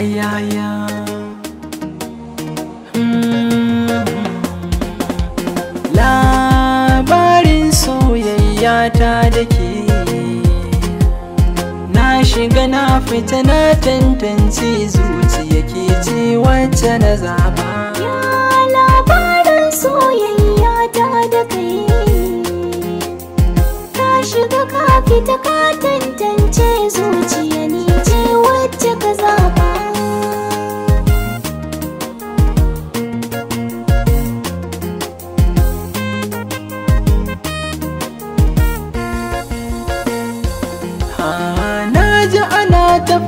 Hmm. labarin soyayya ta da ke na shiga na fita na tantance zuciya ke ce wacce na zaba labarin soyayya ta da kai ka shiga ka fita ka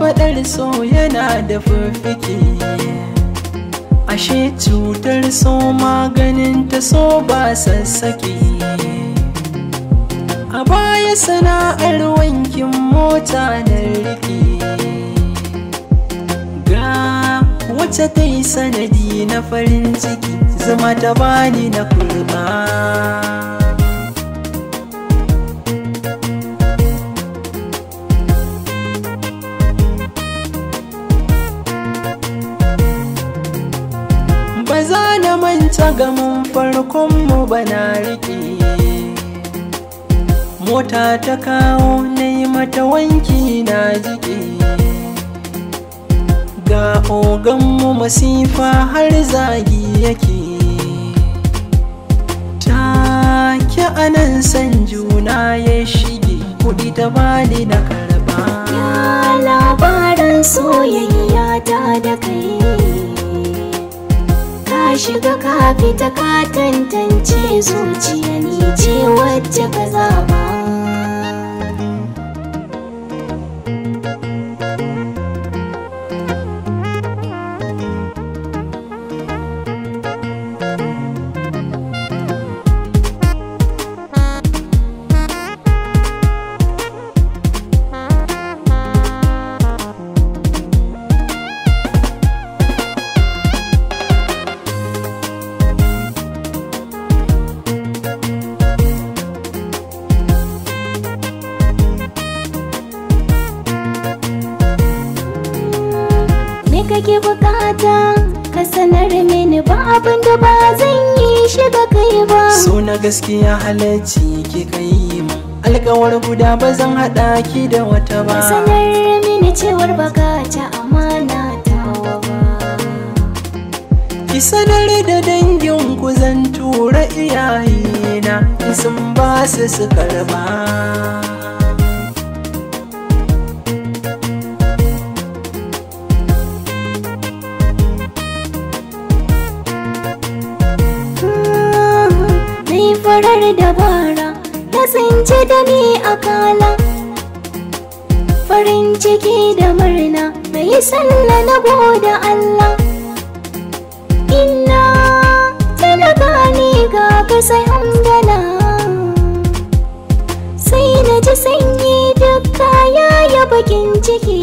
faɗar so yana da furfike ashe cutar so maganin ta so ba sassake a baya sana'ar wankin mota na rike ga wata ta yi sanadi na farin ciki zama ta bani na kurba za na manta gamin farkonmu bana riƙe mota ta kawo na yi mata wanki na jiki. ga oganmu masifa har zagi yake Ta take anan san juna ya shige kuɗi ta bani na karba ya labaran soyayya ka shiga ka fita ka tantance zuciya ni ce wacce ka zaba kake bukata ka sanar mini ba abin da ba zan yi shi da kai ba so na gaskiya halacci ki kai ma alkawar guda ba zan hada ki da wata ba sanar mini cewar baka ta amana tawa ba ki sanar da dangin ku zan tura iyayena sun ba su su karba farar dabara ya tsinci da ni a kala farin ciki da murna mai yi salla na goda Allah inna talaka ne ga kasai sai sai na ji sanyi duk kaya ya bakin ciki